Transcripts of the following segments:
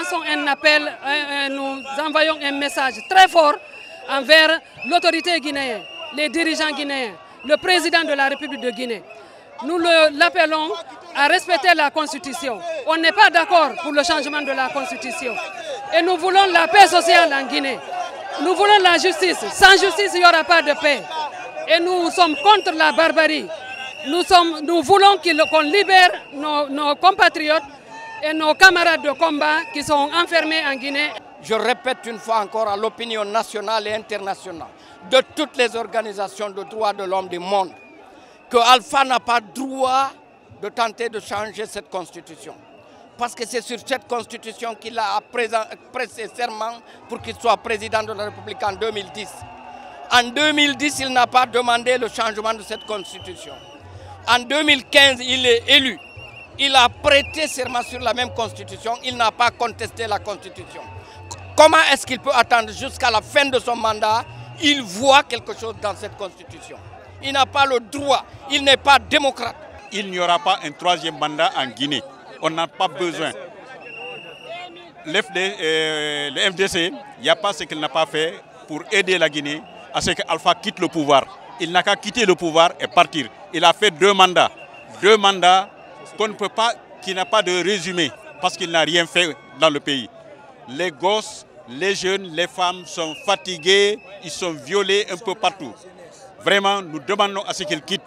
lançons un appel, nous envoyons un message très fort envers l'autorité guinéenne, les dirigeants guinéens, le président de la République de Guinée. Nous l'appelons à respecter la Constitution. On n'est pas d'accord pour le changement de la Constitution. Et nous voulons la paix sociale en Guinée. Nous voulons la justice. Sans justice, il n'y aura pas de paix. Et nous sommes contre la barbarie. Nous, voulons qu'on libère nos compatriotes et nos camarades de combat qui sont enfermés en Guinée. Je répète une fois encore à l'opinion nationale et internationale, de toutes les organisations de droits de l'homme du monde, que Alpha n'a pas droit de tenter de changer cette constitution. Parce que c'est sur cette constitution qu'il a pressé serment pour qu'il soit président de la République en 2010. En 2010, il n'a pas demandé le changement de cette constitution. En 2015, il est élu. Il a prêté serment sur la même constitution, il n'a pas contesté la constitution. Comment est-ce qu'il peut attendre jusqu'à la fin de son mandat Il voit quelque chose dans cette constitution. Il n'a pas le droit, il n'est pas démocrate. Il n'y aura pas un troisième mandat en Guinée. On n'a pas besoin. Euh, le FDC, il n'y a pas ce qu'il n'a pas fait pour aider la Guinée à ce qu'Alpha quitte le pouvoir. Il n'a qu'à quitter le pouvoir et partir. Il a fait deux mandats. Deux mandats ne peut pas, qui n'a pas de résumé, parce qu'il n'a rien fait dans le pays. Les gosses, les jeunes, les femmes sont fatigués, ils sont violés un peu partout. Vraiment, nous demandons à ce qu'il quitte.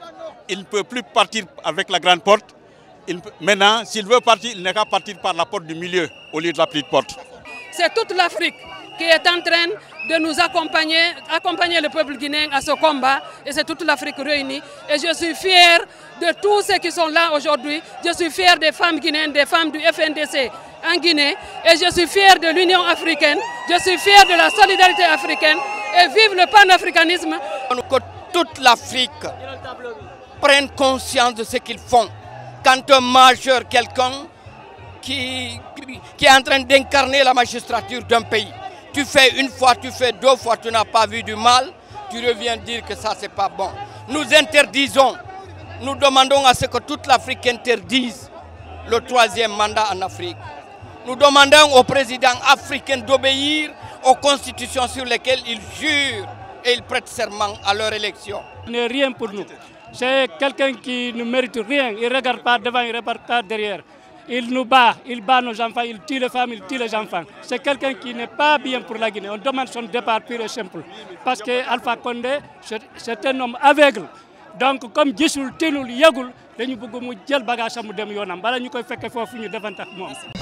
Il ne peut plus partir avec la grande porte. maintenant, s'il veut partir, il n'a qu'à partir par la porte du milieu au lieu de la petite porte. C'est toute l'Afrique qui est en train de nous accompagner, accompagner le peuple guinéen à ce combat. Et c'est toute l'Afrique réunie. Et je suis fier de tous ceux qui sont là aujourd'hui. Je suis fier des femmes guinéennes, des femmes du FNDC en Guinée et je suis fier de l'Union africaine, je suis fier de la solidarité africaine et vive le panafricanisme. Que toute l'Afrique prenne conscience de ce qu'ils font. Quand un majeur, quelqu'un qui, qui est en train d'incarner la magistrature d'un pays, tu fais une fois, tu fais deux fois, tu n'as pas vu du mal, tu reviens dire que ça c'est pas bon. Nous interdisons nous demandons à ce que toute l'Afrique interdise le troisième mandat en Afrique. Nous demandons au président africain d'obéir aux constitutions sur lesquelles il jure et il prête serment à leur élection. Il n'est rien pour nous. C'est quelqu'un qui ne mérite rien. Il ne regarde pas devant, il ne regarde pas derrière. Il nous bat, il bat nos enfants, il tue les femmes, il tue les enfants. C'est quelqu'un qui n'est pas bien pour la Guinée. On demande son départ pur et simple. Parce que Alpha Condé, c'est un homme aveugle. donc comme jisul tinul yegul dañu bëgg mu jël bagage mu dem yoonam bala ñu koy fekke foofu ñu defantax moom